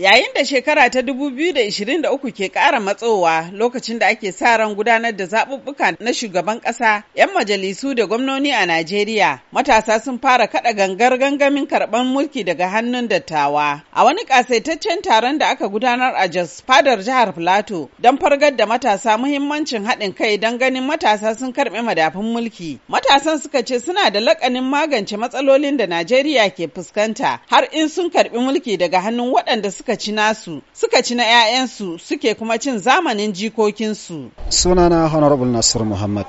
Yayin da shekara ta 2023 ke ƙara matsowa lokacin da ake sa ran gudanar da zaɓuɓɓuka na shugaban ƙasa, 'yan majalisu da gwamnoni a Najeriya, matasa sun fara kaɗa gangar gangamin karɓar mulki daga hannun dattawa. A wani ƙasaitaccen taron da aka gudanar a Jos Fadar Jihar Filato don fargar da matasa muhimmancin haɗin kai don ganin matasa sun karɓi madafun mulki. Matasan suka ce suna da lakanin magance matsalolin da Najeriya ke fuskanta har in sun karɓi mulki daga hannun waɗanda suka suka ci nasu suka ci na 'ya'yansu suke kuma cin zamanin jikokinsu. Sunana Honorable Nasir Muhammad.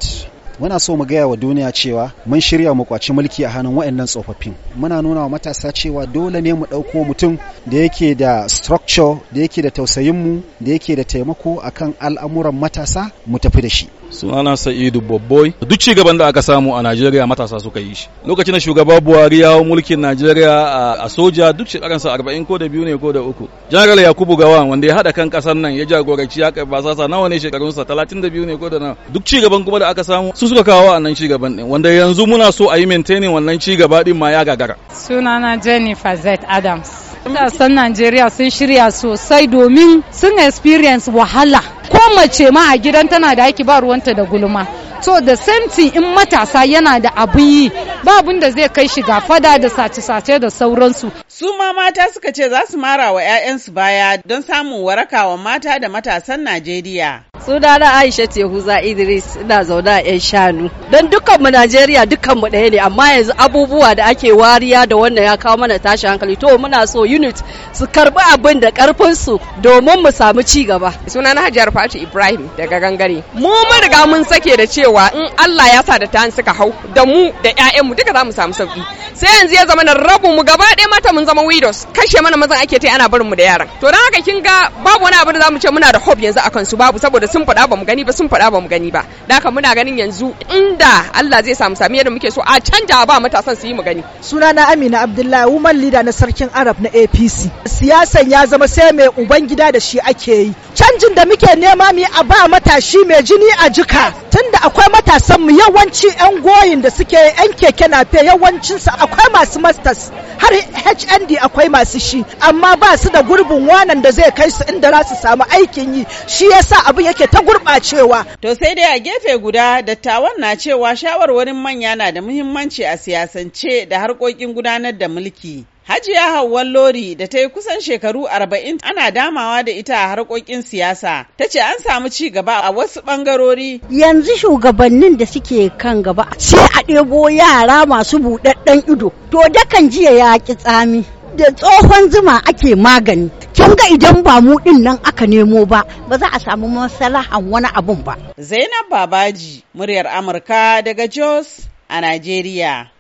muna so mu gaya wa duniya cewa mun shirya mu kwaci mulki a hannun waɗannan tsofaffin muna nuna wa matasa cewa dole ne mu ɗauko mutum da yake da structure da yake da tausayin mu da yake da taimako akan al'amuran matasa mu tafi da shi sunana sa'idu babboi duk ci gaban da aka samu a najeriya matasa suka yi shi lokacin da shugaba buhari ya hau mulkin najeriya a soja duk shekaransa arba'in ko da biyu ne ko da uku general yakubu gawan wanda ya haɗa kan ƙasar nan ya jagoranci ya kai basasa nawa ne shekarunsa talatin da biyu ne ko da nawa duk ci gaban kuma da aka samu su suka kawo a nan ci gaban din wanda yanzu muna so a yi maintaining wannan ci gaba din ma ya gagara sunana jennifer z adams matasan najeriya sun shirya sosai domin sun experience wahala ko mace ma a gidan tana da aiki ba ruwanta da gulma to da samtin in matasa yana da abun yi ba da zai kai shiga fada da sace-sace da sauransu su ma mata suka ce za su mara wa 'ya'yansu baya don samun warakawa mata da matasan najeriya sunana aisha tehuza idris ina zaune a yan shanu don dukkanmu najeriya dukkanmu ɗaya ne amma yanzu abubuwa da ake wariya da wannan ya kawo mana tashi hankali to muna so unit su karbi abin da karfinsu domin mu samu ci gaba sunana hajiyar fatu ibrahim daga gangare mu mun riga mun sake da cewa in allah ya sa da ta suka hau da mu da ƴaƴanmu duka za mu samu sauki sai yanzu ya zama na rabu mu gaba ɗaya mata mun zama widows kashe mana mazan ake ta ana barin mu da yaran to don haka kin ga babu wani abu da za mu ce muna da hope yanzu akan su babu saboda sun faɗa ba mu gani ba sun faɗa ba mu gani ba da haka muna ganin yanzu inda Allah zai samu sami yadda muke so a canja ba matasan su yi mu gani sunana Amina Abdullahi woman leader na sarkin Arab na APC siyasan ya zama sai mai uban gida da shi ake yi canjin da muke nema mu a ba matashi mai jini a jika tunda akwai matasan mu yawanci yan goyin da suke yan keke na yawancin su akwai masu masters har hnd akwai masu shi amma ba su da gurbin wanan da zai kai su inda za su samu aikin yi shi yasa abin yake ta gurɓacewa to sai dai a gefe guda dattawan na cewa shawarwarin manya na da muhimmanci a siyasance da harkokin gudanar da mulki Hajiya Hauwan Lori da ta yi kusan shekaru arba'in ana damawa da ita a harkokin siyasa. Ta ce an samu ci gaba a wasu bangarori. Yanzu shugabannin da suke kan gaba sai a ɗebo yara masu buɗaɗɗen ido. To dakan jiya ya ki tsami. Da tsohon zuma ake magani. kin ga idan ba mu ɗin nan aka nemo ba ba za a samu masalahan wani abun ba. Zainab Babaji, muryar Amurka daga Jos a Najeriya.